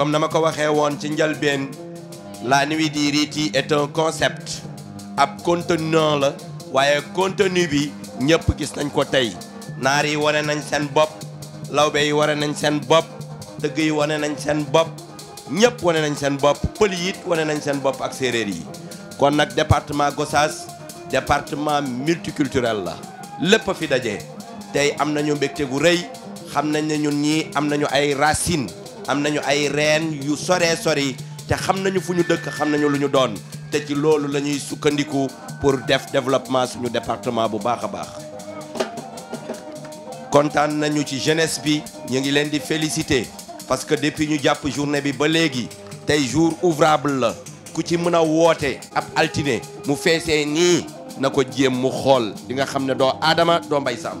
comme na ma ko waxee woon ci la nuit du riti est un concept ab contenant la waaye contenu bi ñëpp gis nañ ko tey naar yi wane nañ seen bopp lawbe yi wane nañ sen bop dëgg yi wane nañ sen bop ñepp wane nañ sen bop pël yi wane nañ sen bop ak séeréer yi kon nak département Gossas département multiculturel la lepp a fi dajé tay am nañu gu reuy xam nañ ñun ñi ay racines am nañu ay reen yu soree sori te xam nañu fu ñu dëkk xam nañu lu ñu doon te ci loolu la ñuy sukkandiku pour def développement suñu département bu baax a baax kontaan nañu ci jeunesse bi ñu ngi leen di félicité parce que depuis ñu jàpp journée bi ba léegi tey jour ouvrable la ku ci mën a woote ab altine mu feesee nii na ko jéem mu xool di nga xam ne doo aadama doo mbay sàmm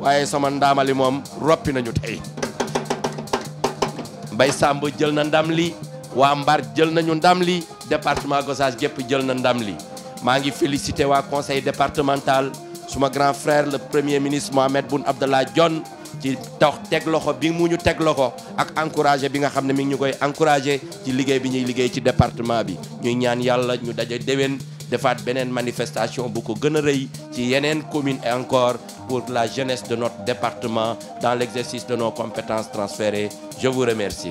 waaye sama ndaamali moom roppi nañu tey Mbay Samb jël na ndam li waa Mbar jël nañu ndam li département Gossas gépp jël na ndam li maa ngi félicité waa conseil départemental suma grand frère le premier ministre Mohamed Boun Abdallah Dionne ci tax teg loxo bi mu ñu teg loxo ak encouragé bi nga xam ne mi ngi ñu koy encouragé ci liggéey bi ñuy liggéey ci département bi ñuy ñaan yàlla ñu daje déwén de faire une manifestation beaucoup qui y a commune et encore pour la jeunesse de notre département dans l'exercice de nos compétences transférées je vous remercie